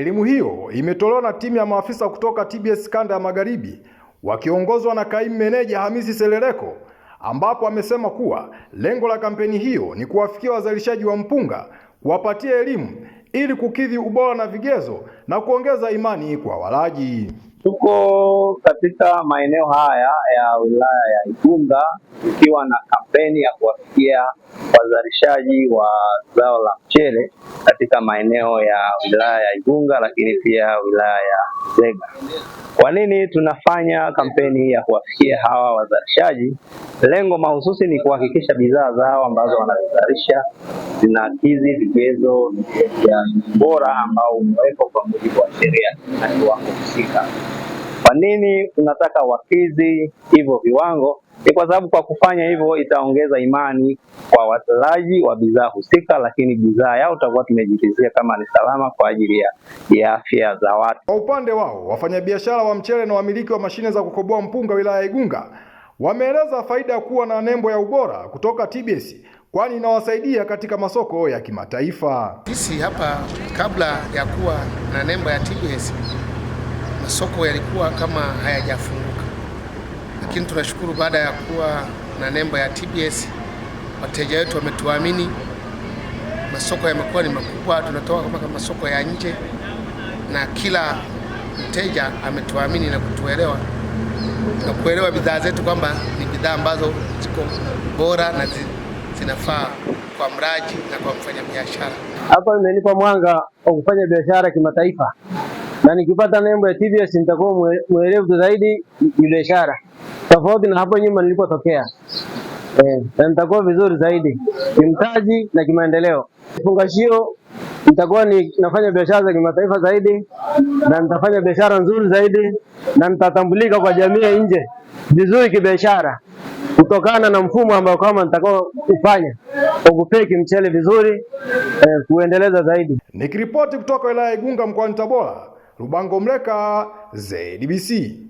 Elimu hiyo imetolewa na timu ya maafisa kutoka TBS kanda ya Magharibi wakiongozwa na kaimu meneja Hamisi selereko ambapo amesema kuwa lengo la kampeni hiyo ni kuwafikia wazalishaji wa mpunga, kuwapatia elimu ili kukidhi ubora na vigezo na kuongeza imani kwa walaji. Tuko katika maeneo haya ya wilaya ya Igunga ikiwa na kampeni ya kuwafikia wazalishaji wa zao la mchele katika maeneo ya wilaya ya Igunga, lakini pia wilaya ya Nzega. Kwa nini tunafanya kampeni ya kuwafikia hawa wazalishaji? Lengo mahususi ni kuhakikisha bidhaa zao ambazo wanazizalisha zinakidhi vigezo vya ubora ambao umewekwa kwa mujibu wa sheria na kiwango husika. Kwa nini tunataka wakidhi hivyo viwango? Ni kwa sababu kwa kufanya hivyo itaongeza imani kwa walaji wa bidhaa husika, lakini bidhaa yao tutakuwa tumejitizia kama ni salama kwa ajili ya afya za watu. Kwa upande wao, wafanyabiashara wa mchele na wamiliki wa mashine za kukoboa mpunga wilaya ya Igunga wameeleza faida ya kuwa na nembo ya ubora kutoka TBS kwani inawasaidia katika masoko ya kimataifa. Sisi hapa kabla ya kuwa na nembo ya TBS masoko yalikuwa kama hayajafunguka, lakini tunashukuru baada ya kuwa na nembo ya TBS wateja wetu wametuamini, masoko yamekuwa ni makubwa, tunatoka kama masoko ya nje, na kila mteja ametuamini na kutuelewa na kuelewa bidhaa zetu kwamba ni bidhaa ambazo ziko bora na zinafaa kwa mraji na kwa mfanyabiashara. Hapa imenipa mwanga wa kufanya biashara kimataifa na nikipata nembo ya TBS nitakuwa mwelevu zaidi biashara, tofauti na hapo nyuma nilipotokea. Eh, na nitakuwa vizuri zaidi kimtaji na kimaendeleo. Fungashio nitakuwa ni nafanya biashara za kimataifa zaidi, na nitafanya biashara nzuri zaidi, na nitatambulika kwa jamii nje vizuri kibiashara, kutokana na mfumo ambao kama nitakuwa kufanya ukupeki mchele vizuri, eh, kuendeleza zaidi. Nikiripoti kutoka wilaya ya Igunga mkoani Tabora. Lubango Mleka, ZBC.